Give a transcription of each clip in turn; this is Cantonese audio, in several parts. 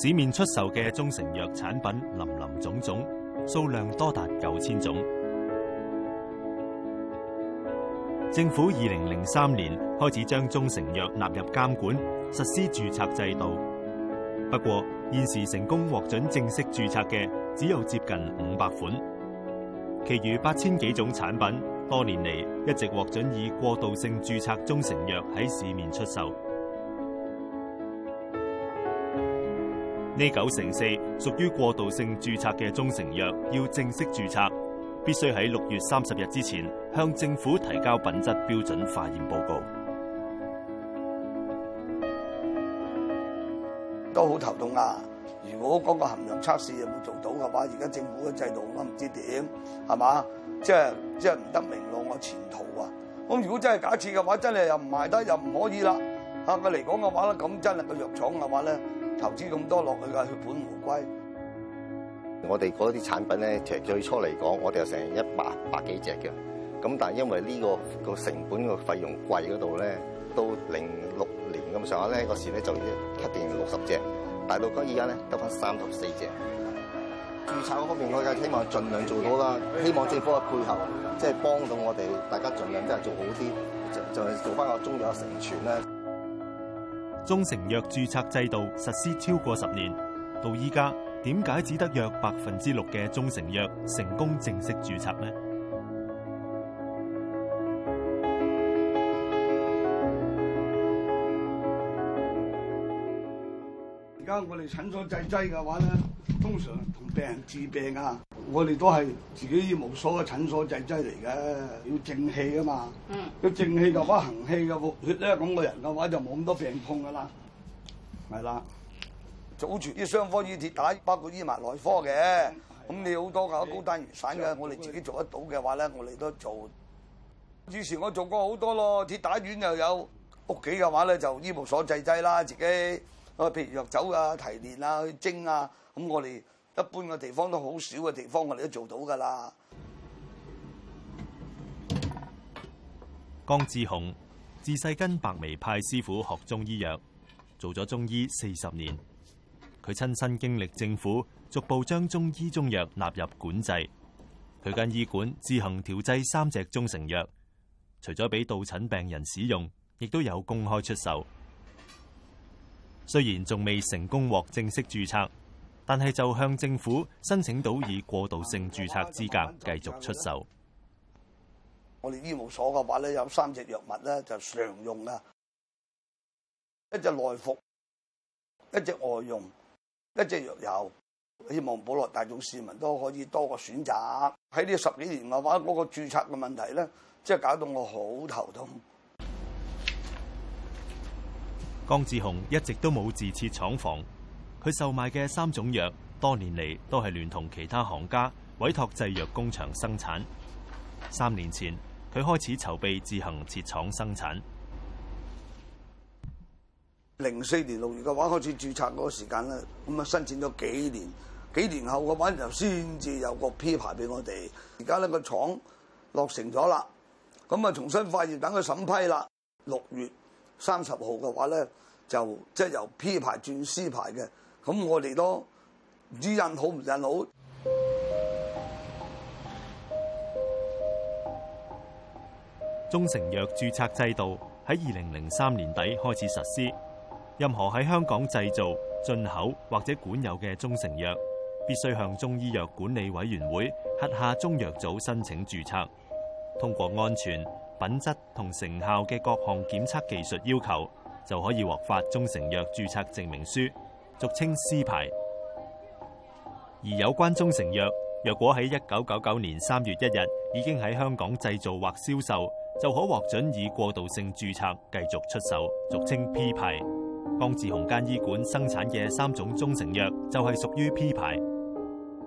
市面出售嘅中成藥產品林林總總，數量多達九千種。政府二零零三年開始將中成藥納入監管，實施注冊制度。不過，現時成功獲准正式注冊嘅只有接近五百款，其餘八千幾種產品多年嚟一直獲准以過渡性注冊中成藥喺市面出售。呢九成四屬於過渡性注冊嘅中成藥，要正式注冊，必須喺六月三十日之前向政府提交品質標準化驗報告。都好頭痛啊！如果嗰個含量測試有冇做到嘅話，而家政府嘅制度我唔知點係嘛？即係即係唔得明朗我前途啊！咁如果真係假設嘅話，真係又唔賣得又唔可以啦。客戶嚟講嘅話咧，咁真係個藥廠嘅話咧。投資咁多落去嘅血本無歸。我哋嗰啲產品咧，其實最初嚟講，我哋有成一百百幾隻嘅。咁但係因為呢個個成本個費用貴嗰度咧，到零六年咁上下咧，時候1，個時咧就要一定六十隻，大陸到依家咧得翻三十四隻。註冊嗰方面，我係希望儘量做到啦。希望政府嘅配合，即係幫到我哋，大家儘量都係做好啲，就係做翻個中藥的成全啦。中成藥注冊制度實施超過十年，到依家點解只得約百分之六嘅中成藥成功正式注冊呢？而家我哋診所製劑嘅話咧，通常同病人治病啊。我哋都係自己醫務所嘅診所製劑嚟嘅，要正氣啊嘛。要正氣就唔行氣嘅，活血咧咁個人嘅話就冇咁多病痛噶啦，係啦了。組住。啲雙科醫跌打，包括醫埋內科嘅。咁的你好多搞的膏丹丸散嘅，的我哋自己做得到嘅話咧，我哋都做。以前我做過好多咯，跌打丸又有。屋企嘅話咧就醫務所製劑啦，自己啊譬如藥酒啊、提煉啊、去蒸啊，咁我哋。一般嘅地方都好少嘅地方，我哋都做到噶啦。江志雄自細跟白眉派師傅學中醫藥，做咗中醫四十年。佢親身經歷政府逐步將中醫中藥納入管制。佢間醫館自行調製三隻中成藥，除咗俾到診病人使用，亦都有公開出售。雖然仲未成功獲正式注冊。但係就向政府申請到以過渡性注冊資格繼續出售。我哋醫務所嘅話咧有三隻藥物咧就常用喇，一隻內服，一隻外用，一隻藥油，希望普羅大眾市民都可以多個選擇。喺呢十幾年嘅話，嗰個注冊嘅問題咧，即係搞到我好頭痛。江志雄一直都冇自設廠房。佢售賣嘅三種藥，多年嚟都係聯同其他行家委託製藥工場生產。三年前佢開始籌備自行設廠生產。零四年六月嘅話開始註冊嗰個時間啦，咁啊申請咗幾年，幾年後嘅話就先至有個 P 牌俾我哋。而家呢個廠落成咗啦，咁啊重新發現等佢審批啦。六月三十號嘅話咧就即係由 P 牌轉 C 牌嘅。咁我哋都唔知印好唔印好。中成藥註冊制度喺二零零三年底開始實施，任何喺香港製造、進口或者管有嘅中成藥，必須向中醫藥管理委員會轄下中藥組申請註冊，通過安全、品質同成效嘅各項檢測技術要求，就可以獲發中成藥註冊證明書。俗稱 C 牌，而有關中成藥，若果喺一九九九年三月一日已經喺香港製造或銷售，就可獲准以過渡性註冊繼續出售，俗稱 P 牌。江志雄間醫館生產嘅三種中成藥就係屬於 P 牌。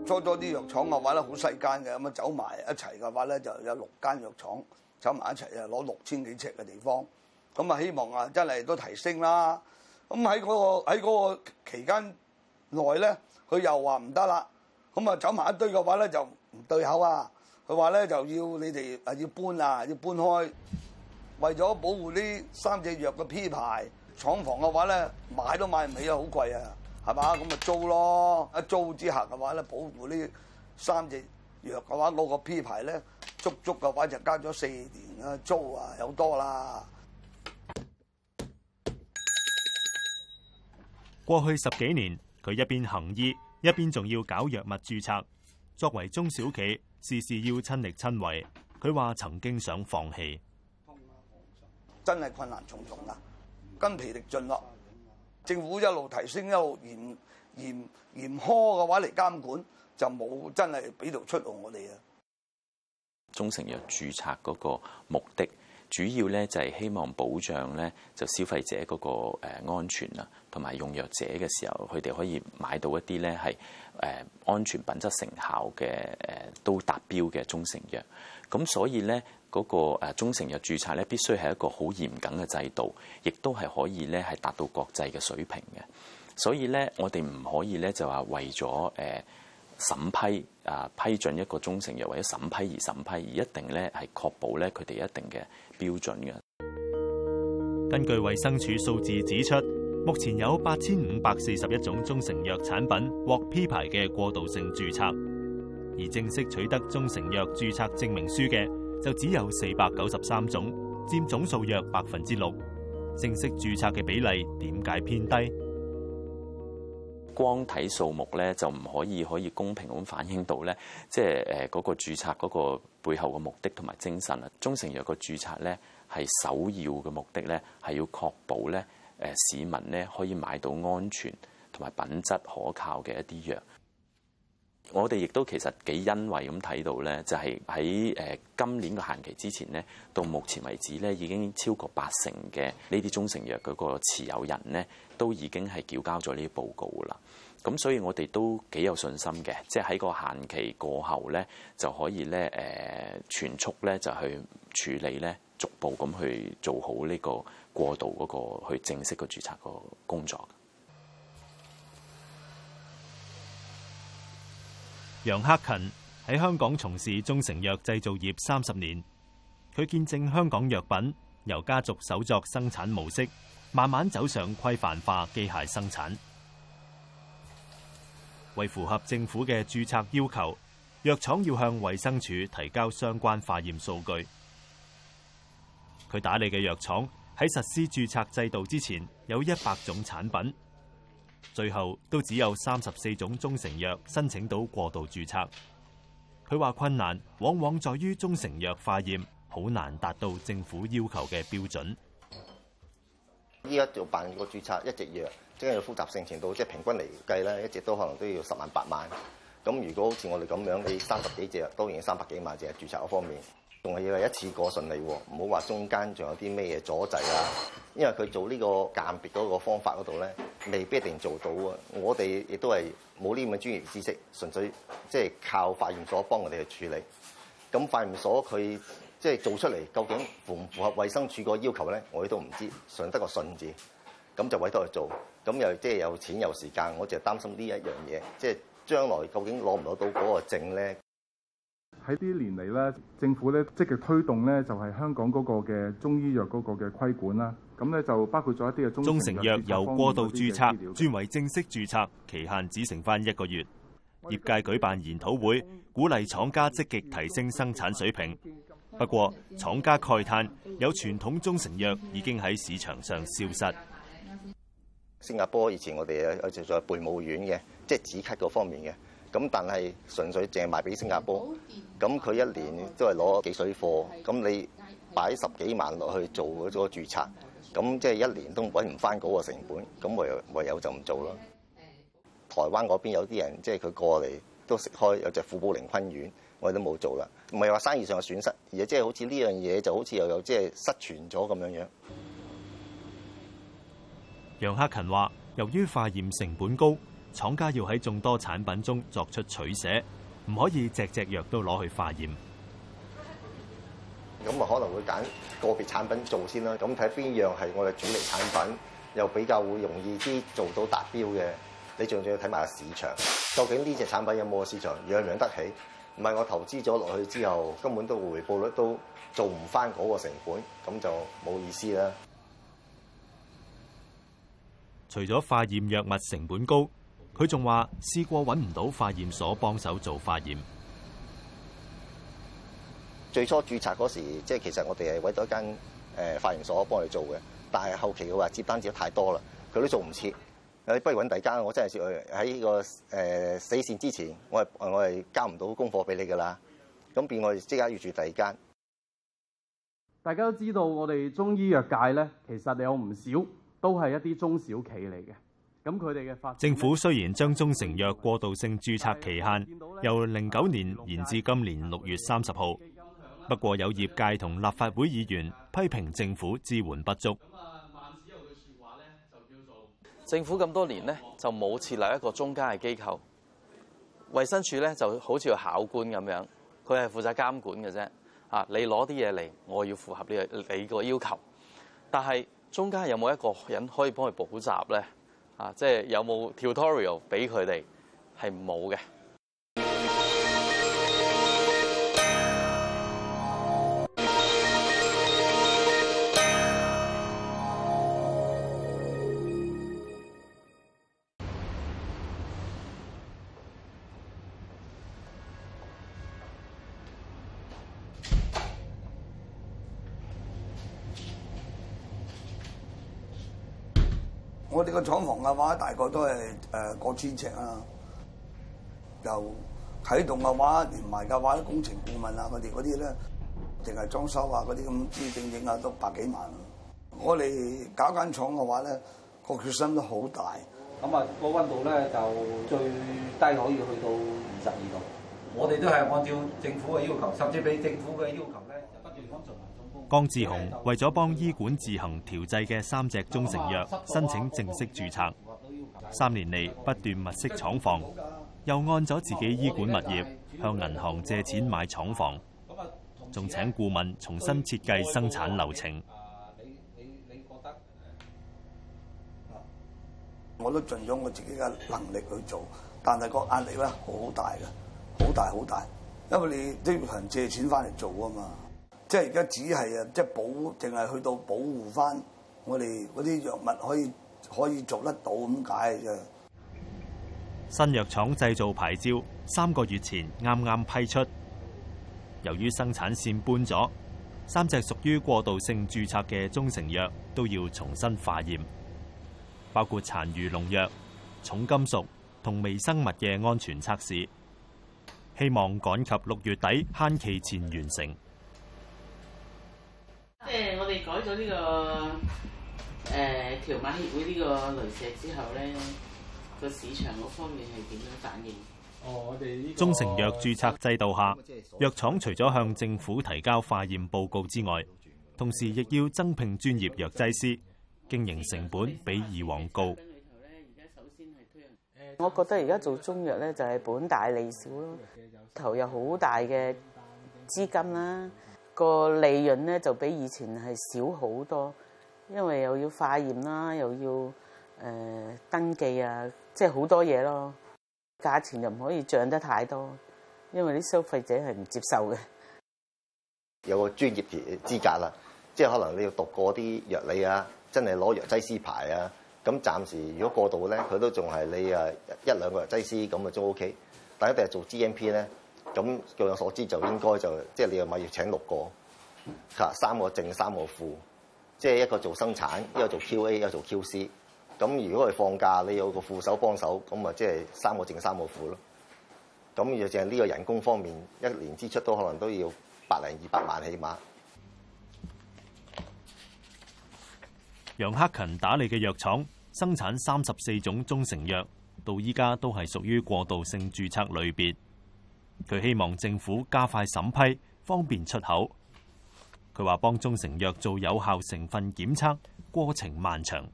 初初啲藥廠嘅玩得好細間嘅，咁啊走埋一齊嘅話咧，就有六間藥廠走埋一齊，又攞六千幾尺嘅地方，咁啊希望啊真係都提升啦。咁喺嗰個喺嗰個期間內咧，佢又話唔得啦。咁啊，走埋一堆嘅話咧就唔對口啊。佢話咧就要你哋啊要搬啊，要搬開。為咗保護呢三隻藥嘅 P 牌廠房嘅話咧，買都買唔起啊，好貴啊，係嘛？咁啊租咯，一租之下嘅話咧，保護呢三隻藥嘅話攞個 P 牌咧，足足嘅話就加咗四年啊租啊，有多啦。過去十幾年，佢一邊行醫，一邊仲要搞藥物注冊。作為中小企，事事要親力親為。佢話曾經想放棄，真係困難重重啦，筋疲力盡咯。政府一路提升，一路嚴嚴嚴苛嘅話嚟監管，就冇真係俾到出路我哋啊。中成藥注冊嗰個目的。主要咧就係希望保障咧就消費者嗰個安全啊，同埋用藥者嘅時候，佢哋可以買到一啲咧係誒安全品質、成效嘅誒都達標嘅中成藥。咁所以咧嗰個中成藥註冊咧必須係一個好嚴謹嘅制度，亦都係可以咧係達到國際嘅水平嘅。所以咧，我哋唔可以咧就話為咗誒。呃審批啊，批准一個中成藥或者審批而審批而一定咧，係確保咧佢哋一定嘅標準嘅。根據衛生署數字指出，目前有八千五百四十一種中成藥產品獲批牌嘅過渡性註冊，而正式取得中成藥註冊證明書嘅就只有四百九十三種，佔總數約百分之六。正式註冊嘅比例點解偏低？光睇數目咧，就唔可以可以公平咁反映到咧，即係誒嗰個註冊嗰個背後嘅目的同埋精神啊。中成藥嘅註冊咧，係首要嘅目的咧，係要確保咧誒市民咧可以買到安全同埋品質可靠嘅一啲藥。我哋亦都其實幾欣慰咁睇到咧，就係喺誒今年嘅限期之前咧，到目前為止咧，已經超過八成嘅呢啲中成藥嗰個持有人咧，都已經係繳交咗呢啲報告啦。咁所以我哋都幾有信心嘅，即係喺個限期過後咧，就可以咧誒全速咧就去處理咧，逐步咁去做好呢個過渡嗰個去正式個註冊個工作。楊克勤喺香港從事中成藥製造業三十年，佢見證香港藥品由家族手作生產模式，慢慢走上規範化機械生產。為符合政府嘅注冊要求，藥廠要向衛生署提交相關化驗數據。佢打理嘅藥廠喺實施注冊制度之前，有一百種產品。最後都只有三十四種中成藥申請到過渡註冊。佢話困難往往在於中成藥化驗好難達到政府要求嘅標準。依家要辦個註冊，一隻藥即係要複雜性程度，即係平均嚟計咧，一直都可能都要十萬八萬。咁如果好似我哋咁樣，你三十幾隻，都已經三百幾萬隻註冊嗰方面。仲係要係一次過順利，唔好話中間仲有啲咩嘢阻滯啊！因為佢做呢個鑑別嗰個方法嗰度咧，未必一定做到啊！我哋亦都係冇呢咁嘅專業知識，純粹即係靠化驗所幫我哋去處理。咁化驗所佢即係做出嚟，究竟符唔符合衛生署個要求咧？我哋都唔知，順得個順字，咁就委託去做。咁又即係有錢有時間，我就擔心呢一樣嘢，即係將來究竟攞唔攞到嗰個證咧？喺呢啲年嚟咧，政府咧積極推動咧，就係、是、香港嗰個嘅中醫藥嗰個嘅規管啦。咁咧就包括咗一啲嘅中、中成藥由過渡註冊轉為正式註冊，期限只剩翻一個月。業界舉辦研討會，鼓勵廠家積極提升生產水平。不過，廠家慨嘆有傳統中成藥已經喺市場上消失。新加坡以前我哋啊，我哋做貝母丸嘅，即係止咳嗰方面嘅。咁但係純粹淨係賣俾新加坡，咁佢一年都係攞幾水貨，咁你擺十幾萬落去做嗰個註冊，咁即係一年都揾唔翻嗰個成本，咁唯有唯有就唔做啦。台灣嗰邊有啲人即係佢過嚟都食開有隻富寶寧坤丸，我哋都冇做啦。唔係話生意上嘅損失，而係即係好似呢樣嘢就好似又有即係、就是、失傳咗咁樣樣。楊克勤話：由於化驗成本高。廠家要喺眾多產品中作出取捨，唔可以隻隻藥都攞去化驗。咁啊，可能會揀個別產品先做先啦。咁睇邊樣係我哋主力產品，又比較會容易啲做到達標嘅。你仲要睇埋個市場，究竟呢隻產品有冇個市場，養唔養得起？唔係我投資咗落去之後，根本都回報率都做唔翻嗰個成本，咁就冇意思啦。除咗化驗藥物成本高。佢仲話試過揾唔到化驗所幫手做化驗。最初註冊嗰時，即係其實我哋係揾到一間誒化驗所幫佢做嘅，但係後期嘅話接單接太多啦，佢都做唔切。你不如揾第二間。我真係佢。喺呢個誒、呃、死線之前，我係我係交唔到功課俾你噶啦。咁變我哋即刻要住第二間。大家都知道，我哋中醫藥界咧，其實有唔少都係一啲中小企嚟嘅。政府雖然將中成藥過渡性註冊期限由零九年延至今年六月三十號，不過有業界同立法會議員批評政府支援不足。政府咁多年呢，就冇設立一個中間嘅機構。衛生署呢就好似個考官咁樣，佢係負責監管嘅啫。啊，你攞啲嘢嚟，我要符合你嘅你個要求，但係中間有冇一個人可以幫佢補習呢？啊！即係有冇 tutorial 俾佢哋，係冇嘅。我哋個廠房嘅話，大概都係誒過千尺啊。由啟動嘅話連埋嘅話工程顧問啊，佢哋啲咧，淨係裝修啊啲咁，資整影啊都百幾萬，我哋搞間廠嘅話咧，個決心都好大。咁啊，個溫度咧就最低可以去到二十二度。我哋都係按照政府嘅要求，甚至比政府嘅要求咧。江志雄為咗幫醫館自行調製嘅三隻中成藥申請正式註冊，三年嚟，不斷物色廠房，又按咗自己醫管物業向銀行借錢買廠房，仲請顧問重新設計生產流程。我都盡咗我自己嘅能力去做，但係個壓力咧好大嘅，好大好大，因為你都要向人借錢翻嚟做啊嘛。即係而家只係啊，即係保，淨係去到保護翻我哋嗰啲藥物，可以可以做得到咁解嘅啫。新藥廠製造牌照三個月前啱啱批出，由於生產線搬咗，三隻屬於過渡性註冊嘅中成藥都要重新化驗，包括殘餘農藥、重金屬同微生物嘅安全測試，希望趕及六月底限期前完成。改咗呢、這個誒、呃、條碼協會呢個鐳射之後咧，個市場嗰方面係點樣反應？中成藥註冊制度下，藥廠除咗向政府提交化驗報告之外，同時亦要增聘專業藥劑師，經營成本比以往高。我覺得而家做中藥咧，就係本大利小，投入好大嘅資金啦。個利潤咧就比以前係少好多，因為又要化驗啦，又要誒、呃、登記啊，即係好多嘢咯。價錢又唔可以漲得太多，因為啲消費者係唔接受嘅。有個專業資格啦，即係可能你要讀過啲藥理啊，真係攞藥劑師牌啊。咁暫時如果過度咧，佢都仲係你啊，一兩個藥劑師咁啊，都 OK。但係一定係做 GMP 咧。咁據我所知，就應該就即係、就是、你係咪要請六個吓，三個正三個副，即係一個做生產，一個做 Q A，一個做 Q C。咁如果係放假，你有個副手幫手，咁啊即係三個正三個副咯。咁就淨係呢個人工方面一年支出都可能都要百零二百萬起碼。楊克勤打理嘅藥廠生產三十四種中成藥，到依家都係屬於過渡性註冊類別。佢希望政府加快審批，方便出口。佢話幫中成藥做有效成分檢測過程漫長。呢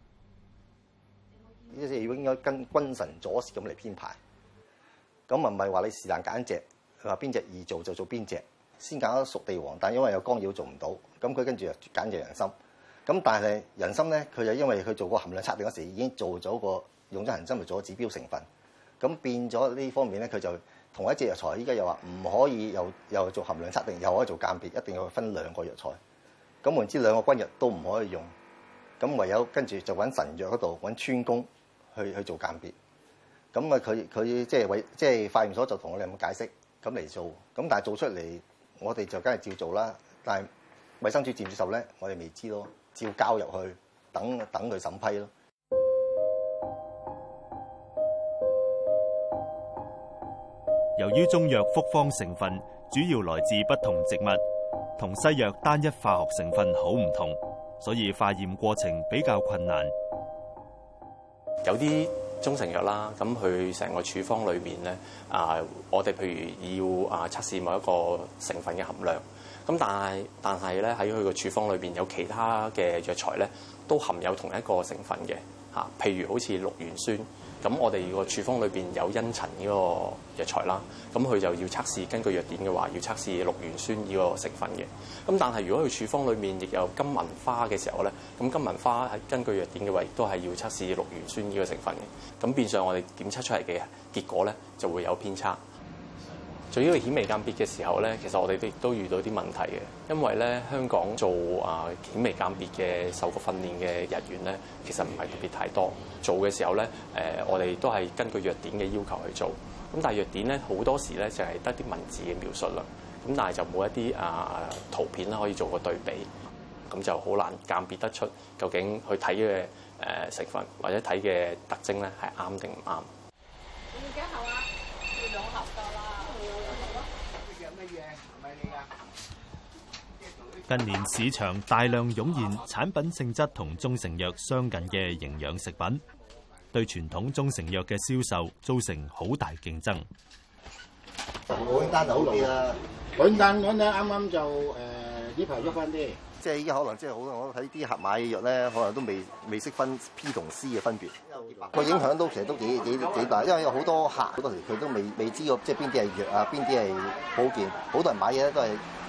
啲嘢應該跟君臣佐使咁嚟編排，咁唔係話你時限揀隻，佢話邊隻易做就做邊隻，先揀咗熟地黃，但因為有干擾做唔到，咁佢跟住又揀隻人參，咁但係人參咧，佢就因為佢做過含量測定嗰時已經做咗個用咗人參嚟做個指標成分，咁變咗呢方面咧，佢就。同一隻藥材，依家又話唔可以又又做含量測定，又可以做鑑別，一定要分兩個藥材。咁換之兩個軍藥都唔可以用。咁唯有跟住就揾神藥嗰度揾村工去去做鑑別。咁啊，佢佢即係委即係化驗所就同我哋咁解釋，咁嚟做。咁但係做出嚟，我哋就梗係照做啦。但係，衛生署接唔接受咧？我哋未知咯。照交入去，等等佢審批咯。由於中藥複方成分主要來自不同植物，同西藥單一化學成分好唔同，所以化驗過程比較困難。有啲中成藥啦，咁佢成個處方裏面咧，啊，我哋譬如要啊測試某一個成分嘅含量，咁但係但係咧喺佢個處方裏邊有其他嘅藥材咧，都含有同一個成分嘅嚇，譬如好似綠原酸，咁我哋個處方裏面有茵陳呢個藥材啦，咁佢就要測試根據藥典嘅話，要測試綠原酸呢個成分嘅。咁但係如果佢處方裏面亦有金銀花嘅時候咧，咁金銀花喺根據藥典嘅話亦都係要測試綠原酸呢個成分嘅。咁變相我哋檢測出嚟嘅結果咧就會有偏差。做呢個顯微鑑別嘅時候咧，其實我哋亦都遇到啲問題嘅，因為咧香港做啊顯微鑑別嘅受過訓練嘅人員咧，其實唔係特別太多。做嘅時候咧，誒、呃、我哋都係根據藥典嘅要求去做。咁但係藥典咧好多時咧就係得啲文字嘅描述啦。咁但係就冇一啲啊圖片啦可以做個對比，咁就好難鑑別得出究竟去睇嘅誒成分或者睇嘅特徵咧係啱定唔啱。近年市場大量湧現產品性質同中成藥相近嘅營養食品，對傳統中成藥嘅銷售造成好大競爭。我啲單就好攰啦，我啲單咧啱啱就誒呢排喐返啲。即係依家可能即係好多我睇啲客買嘅藥咧，可能都未未識分 P 同 C 嘅分別。個影響都其實都幾幾幾大，因為有好多客好多時佢都未未知道即係邊啲係藥啊，邊啲係保健。好多人買嘢咧都係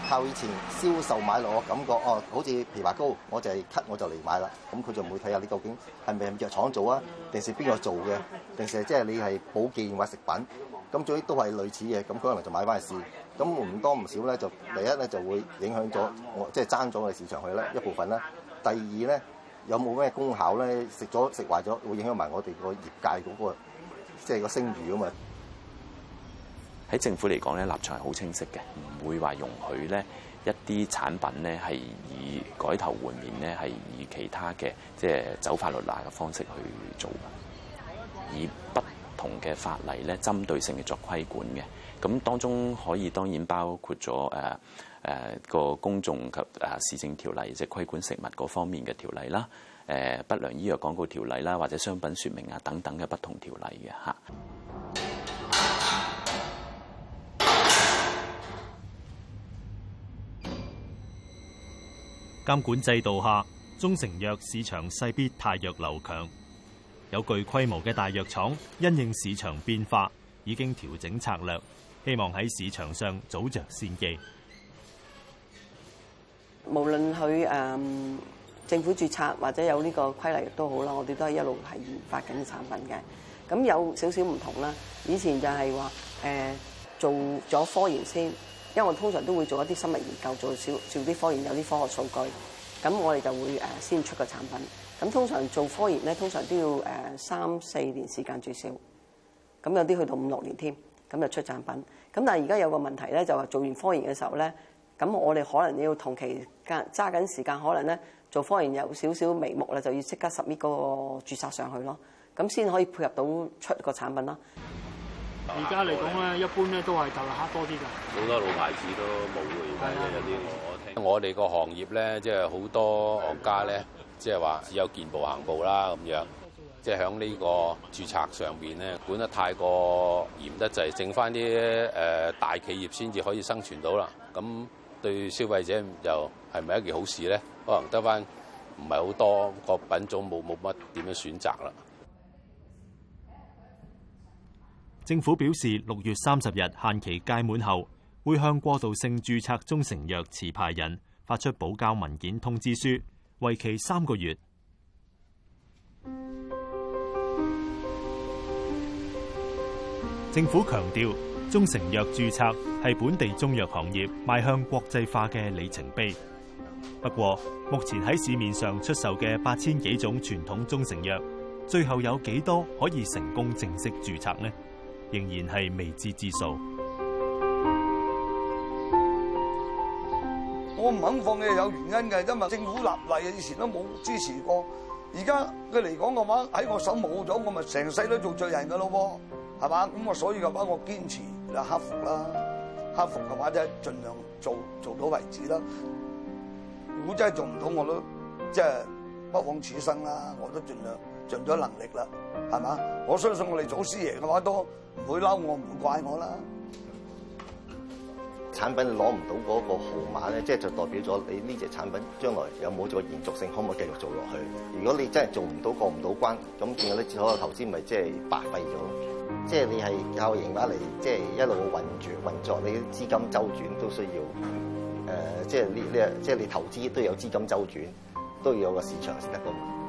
靠以前銷售買落，我感覺哦，好似枇杷膏，我就係咳我就嚟買啦。咁佢就唔會睇下你究竟係咪係藥廠做啊，定係邊個做嘅？定係即係你係保健或食品？咁最都係類似嘅，咁佢可能就買翻嚟試。咁唔多唔少咧，就第一咧就會影響咗、就是、我，即係爭咗我市場去咧一部分咧。第二咧，有冇咩功效咧？食咗食壞咗，會影響埋我哋個業界嗰、那個即係、就是、個聲譽啊嘛。喺政府嚟講咧，立場係好清晰嘅，唔會話容許咧一啲產品咧係以改頭換面咧係以其他嘅即係走法律罅嘅方式去做，以不。同嘅法例咧，針對性嘅作規管嘅。咁當中可以當然包括咗誒誒個公眾及誒、啊、市政條例，即係規管食物嗰方面嘅條例啦。誒、呃、不良醫藥廣告條例啦，或者商品說明啊等等嘅不同條例嘅吓。監管制度下，中成藥市場勢必汰弱留強。有具規模嘅大藥廠，因應市場變化，已經調整策略，希望喺市場上早着先機。無論佢誒、嗯、政府註冊或者有呢個規例都好啦，我哋都係一路係研發緊嘅產品嘅。咁有少少唔同啦，以前就係話誒做咗科研先，因為我通常都會做一啲生物研究，做少少啲科研，有啲科學數據。咁我哋就會誒先出個產品。咁通常做科研咧，通常都要誒三四年時間最少。咁有啲去到五六年添，咁就出產品。咁但係而家有個問題咧，就係、是、做完科研嘅時候咧，咁我哋可能要同期緊揸緊時間，可能咧做科研有少少眉目啦，就要即刻十億個註冊上去咯，咁先可以配合到出個產品啦。而家嚟講咧， 一般咧都係大陸客多啲㗎。好多老牌子都冇㗎而家，有啲。 我哋個行業咧，即係好多行家咧，即係話只有見步行步啦咁樣。即係喺呢個註冊上邊咧，管得太過嚴得滯，剩翻啲誒大企業先至可以生存到啦。咁對消費者又係咪一件好事咧？可能得翻唔係好多個品種沒什麼，冇冇乜點樣選擇啦。政府表示，六月三十日限期屆滿後，會向過渡性註冊中成藥持牌人發出補交文件通知書，為期三個月。政府強調，中成藥註冊係本地中藥行業邁向國際化嘅里程碑。不過，目前喺市面上出售嘅八千幾種傳統中成藥，最後有幾多可以成功正式註冊呢？仍然係未知之數。我唔肯放棄有原因嘅，因為政府立例，以前都冇支持過。而家佢嚟講嘅話，喺我手冇咗，我咪成世都做罪人㗎咯，係嘛？咁我所以嘅話，我堅持就克服啦，克服嘅話即係、就是、盡量做做到為止啦。如果真係做唔到，我都即係、就是、不枉此生啦。我都盡量盡咗能力啦，係嘛？我相信我哋祖師爺嘅話都唔會嬲我，唔會怪我啦。產品攞唔到嗰個號碼咧，即、就、係、是、就代表咗你呢隻產品將來有冇做延續性，可唔可以繼續做落去？如果你真係做唔到過唔到關，咁變到你所有投資咪即係白費咗。即、就、係、是、你係靠營碼嚟，即、就、係、是、一路運轉運作，你資金周轉都需要，誒、呃，即係呢呢，即、就、係、是、你投資都有資金周轉，都要有個市場先得㗎嘛。